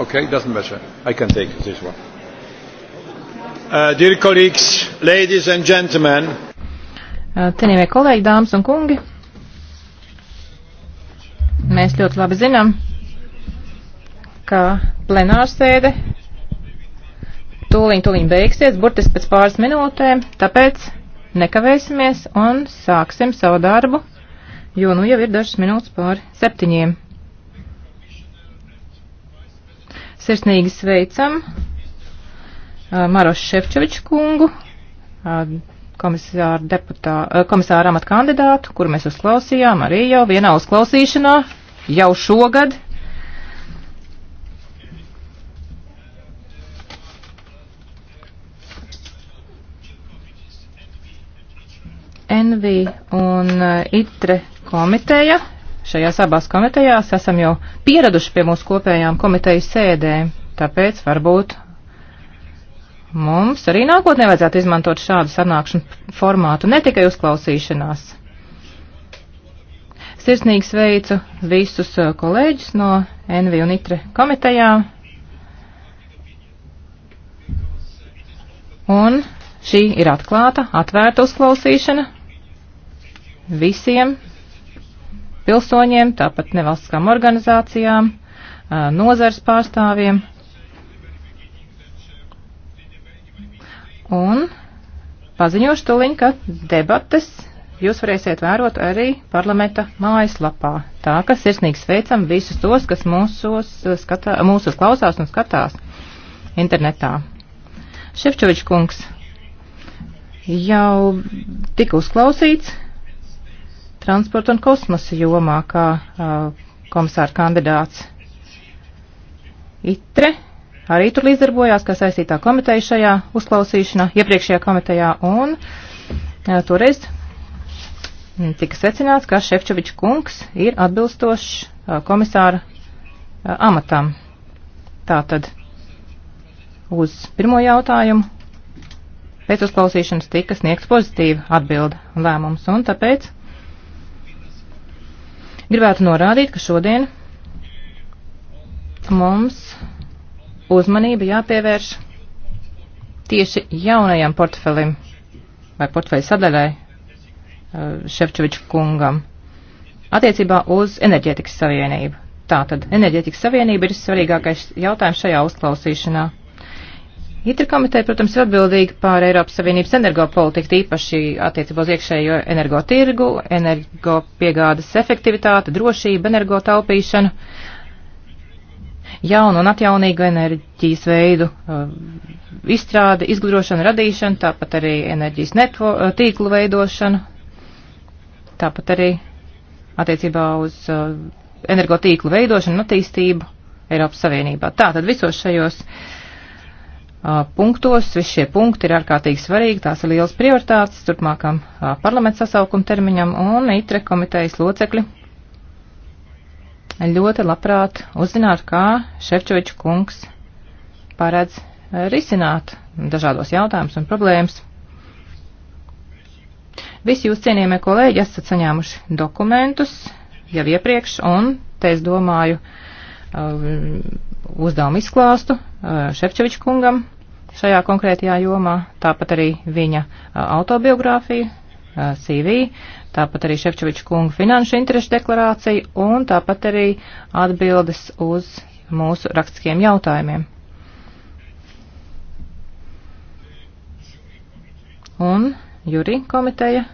Okay, doesn't matter. I can take this one. Uh, dear colleagues, ladies and gentlemen. Uh, Cienījamie kolēģi, dāmas un kungi, mēs ļoti labi zinām, ka plenārsēde tūliņ, tūliņ beigsies, burtiski pēc pāris minūtēm, tāpēc nekavēsimies un sāksim savu darbu, jo nu jau ir dažas minūtes pāri septiņiem. Sirsnīgi sveicam Marošu Šefčoviču kungu, komisāru, deputā, komisāru amatu kandidātu, kuru mēs uzklausījām arī jau vienā uzklausīšanā, jau šogad. Envi un Itre komiteja Šajās abās komitejās esam jau pieraduši pie mūsu kopējām komitejas sēdēm, tāpēc varbūt mums arī nākotnē vajadzētu izmantot šādu sanākšanu formātu, ne tikai uzklausīšanās. Sirsnīgi sveicu visus uh, kolēģus no NV un ITRE komitejām. Un šī ir atklāta, atvērta uzklausīšana visiem pilsoņiem, tāpat nevalstiskām organizācijām, nozars pārstāvjiem. Un paziņošu tuliņ, ka debates jūs varēsiet vērot arī parlamenta mājaslapā. Tā, ka sirsnīgi sveicam visus tos, kas mūsos, skatā, mūsos klausās un skatās internetā. Šefčovičs kungs jau tika uzklausīts transporta un kosmosa jomā kā uh, komisāra kandidāts. ITRE arī tur līdzdarbojās kā saistītā komiteja šajā uzklausīšanā, iepriekšējā komitejā, un uh, toreiz tika secināts, ka Šefčovičs kungs ir atbilstošs uh, komisāra uh, amatam. Tātad uz pirmo jautājumu pēc uzklausīšanas tika sniegts pozitīva atbilda un lēmums, un tāpēc Gribētu norādīt, ka šodien mums uzmanība jāpievērš tieši jaunajam portfelim vai portfeļa sadaļai eh, Šefčoviča kungam attiecībā uz enerģētikas savienību. Tātad enerģētikas savienība ir svarīgākais jautājums šajā uzklausīšanā. Itra komiteja, protams, ir atbildīga par Eiropas Savienības energopolitiku, īpaši attiecībā uz iekšējo energotirgu, energopiegādes efektivitāti, drošību, energotaupīšanu, jaunu un atjaunīgu enerģijas veidu uh, izstrādi, izgudrošanu, radīšanu, tāpat arī enerģijas netvo, uh, tīklu veidošanu, tāpat arī attiecībā uz uh, energotīklu veidošanu un attīstību Eiropas Savienībā. Tātad visos šajos uh, punktos. Visi šie punkti ir ārkārtīgi svarīgi, tās ir liels prioritātes turpmākam parlamentu sasaukuma termiņam un ITRE komitejas locekļi. Ļoti labprāt uzzināt, kā Šefčoviča kungs paredz risināt dažādos jautājumus un problēmas. Visi jūs cienījamie kolēģi esat saņēmuši dokumentus jau iepriekš, un te es domāju, um, uzdevumu izklāstu uh, Šefčeviča kungam šajā konkrētajā jomā, tāpat arī viņa uh, autobiogrāfiju, uh, CV, tāpat arī Šefčeviča kunga finanšu interešu deklarāciju un tāpat arī atbildes uz mūsu rakstiskiem jautājumiem. Un Jurī komiteja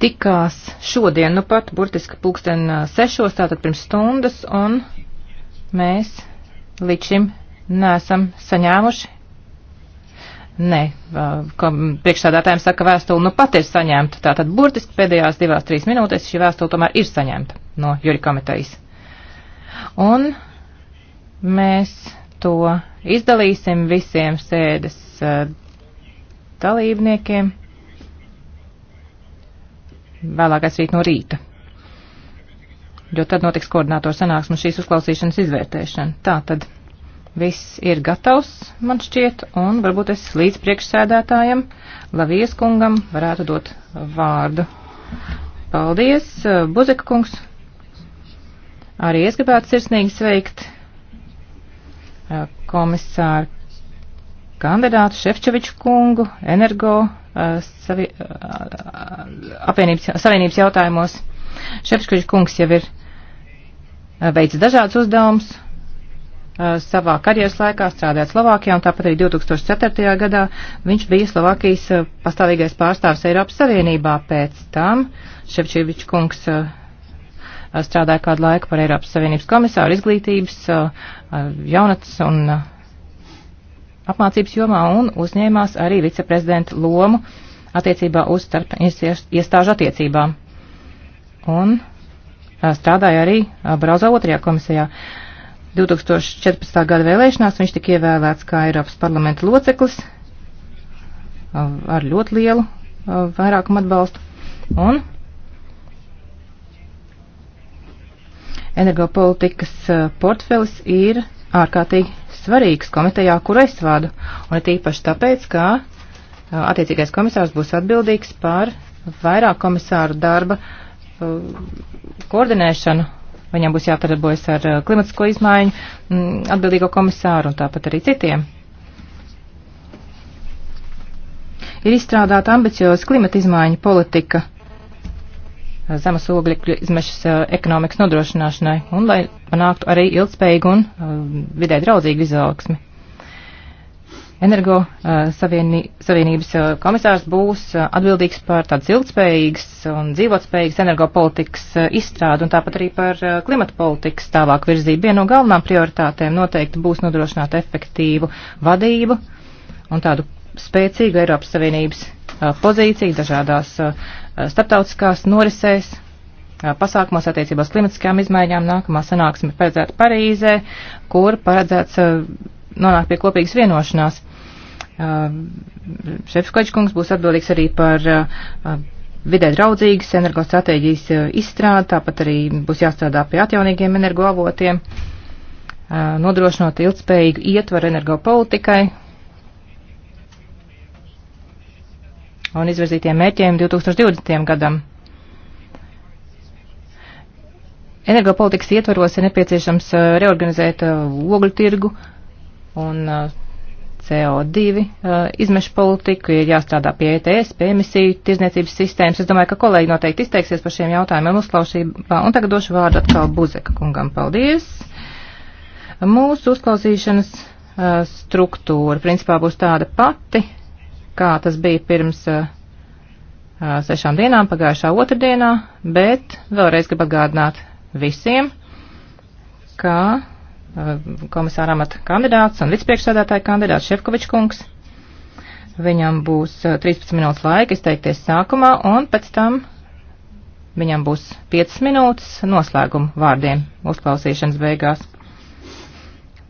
tikās šodien, nu pat burtiski pulksten sešos, tātad pirms stundas, un mēs līdz šim neesam saņēmuši. Nē, priekšstādātājiem saka vēstuli, nu pat ir saņemta, tātad burtiski pēdējās divās, trīs minūtēs šī vēstule tomēr ir saņemta no Juri komitejas. Un mēs to izdalīsim visiem sēdes dalībniekiem vēlākais rīt no rīta. Jo tad notiks koordinātoru sanāksme šīs uzklausīšanas izvērtēšana. Tā tad viss ir gatavs, man šķiet, un varbūt es līdz priekšsēdētājam, Lavijas kungam, varētu dot vārdu. Paldies, Buzeka kungs. Arī es gribētu sirsnīgi sveikt eh, komisāru kandidātu Šefčeviču kungu, energo Uh, savi, uh, apvienības, savienības jautājumos. Šepškuģis kungs jau ir uh, veicis dažādas uzdevumus savā karjeras laikā, strādājot Slovākijā, un tāpat arī 2004. gadā viņš bija Slovākijas pastāvīgais pārstāvs Eiropas Savienībā. Pēc tam Šepčīvičs kungs strādāja kādu laiku par Eiropas Savienības komisāru izglītības, jaunatnes un apmācības jomā un uzņēmās arī viceprezidenta lomu attiecībā uz starp iestāžu attiecībām. Un strādāja arī Brauza otrajā komisijā. 2014. gada vēlēšanās viņš tika ievēlēts kā Eiropas parlamenta loceklis ar ļoti lielu vairākumu atbalstu. Un energopolitikas portfelis ir ārkārtīgi svarīgs komitejā, kuru es vadu, un it īpaši tāpēc, ka attiecīgais komisārs būs atbildīgs par vairāk komisāru darba koordinēšanu. Viņam būs jātarbojas ar klimatisko izmaiņu atbildīgo komisāru un tāpat arī citiem. Ir izstrādāta ambicioza klimata izmaiņu politika zemes ogļu izmešas eh, ekonomikas nodrošināšanai un lai panāktu arī ilgspējīgu un eh, vidē draudzīgu izaugsmi. Energo eh, savienī, savienības komisārs būs atbildīgs par tādas ilgspējīgas un dzīvotspējīgas energopolitikas izstrādu un tāpat arī par klimata politikas tālāk virzību. Viena no galvenām prioritātēm noteikti būs nodrošināt efektīvu vadību un tādu spēcīgu Eiropas Savienības pozīciju dažādās starptautiskās norisēs, pasākumos attiecībās klimatiskajām izmaiņām. Nākamā sanāksme paredzēta Parīzē, kur paredzēts nonākt pie kopīgas vienošanās. Šefskoģis kungs būs atbildīgs arī par vidē draudzīgas energostratēģijas izstrādi, tāpat arī būs jāstrādā pie atjaunīgiem energoavotiem, nodrošinot ilgspējīgu ietvaru energopolitikai un izvirzītiem mērķiem 2020. gadam. Energopolitikas ietvaros ir nepieciešams uh, reorganizēt uh, ogļu tirgu un uh, CO2 izmešu politiku, ir jāstrādā pie ETS, pie emisiju tirzniecības sistēmas. Es domāju, ka kolēģi noteikti izteiksies par šiem jautājumiem uzklaušībā. Un tagad došu vārdu atkal Buzeka kungam. Paldies! Mūsu uzklausīšanas struktūra principā būs tāda pati kā tas bija pirms uh, uh, sešām dienām, pagājušā otrdienā, bet vēlreiz gribu atgādināt visiem, ka uh, komisāra amata kandidāts un vicepriekšsēdētāja kandidāts Šefkovičs kungs. Viņam būs uh, 13 minūtes laika izteikties sākumā, un pēc tam viņam būs 5 minūtes noslēguma vārdiem uzklausīšanas beigās.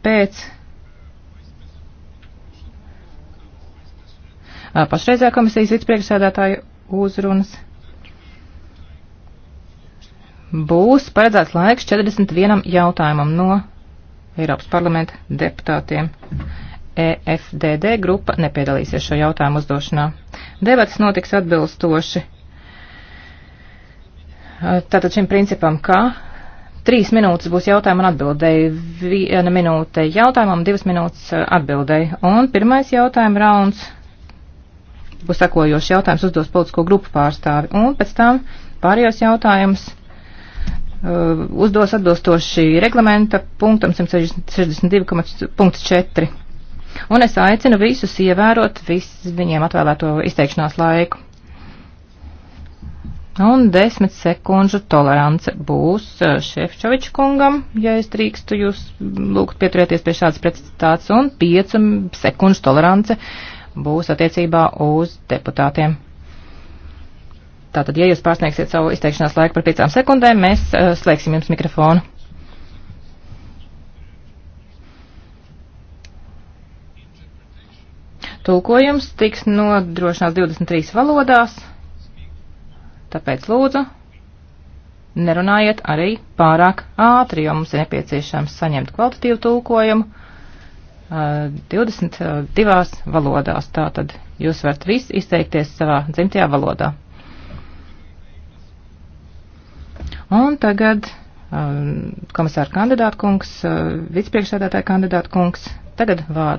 Pēc pašreizējā komisijas vicepriekšsēdētāja uzrunas. Būs paredzēts laiks 41 jautājumam no Eiropas parlamenta deputātiem. EFDD grupa nepiedalīsies šo jautājumu uzdošanā. Debats notiks atbilstoši tātad šim principam, ka trīs minūtes būs jautājumu un atbildēji, viena minūte jautājumam, divas minūtes atbildēji. Un pirmais jautājuma rauns būs sakojošs jautājums uzdos politisko grupu pārstāvi, un pēc tam pārējos jautājumus uh, uzdos atbilstoši reglamenta punktam 162.4. Un es aicinu visus ievērot visu viņiem atvēlēto izteikšanās laiku. Un desmit sekundžu tolerance būs uh, Šefčoviča kungam, ja es drīkstu jūs lūgt pieturēties pie šādas precizitātes, un piecu sekundžu tolerance uh, būs attiecībā uz deputātiem. Tātad, ja jūs pārsniegsiet savu izteikšanās laiku par piecām sekundēm, mēs uh, slēgsim jums mikrofonu. Tulkojums tiks nodrošināts 23 valodās, tāpēc lūdzu nerunājiet arī pārāk ātri, jo mums ir nepieciešams saņemt kvalitatīvu tulkojumu. 22 eh, valodās. Tātad jūs varat visi izteikties savā dzimtajā valodā. Un tagad um, komisāra kandidāta kungs, uh, eh, vicepriekšsēdētāja kandidāta kungs, tagad vārds.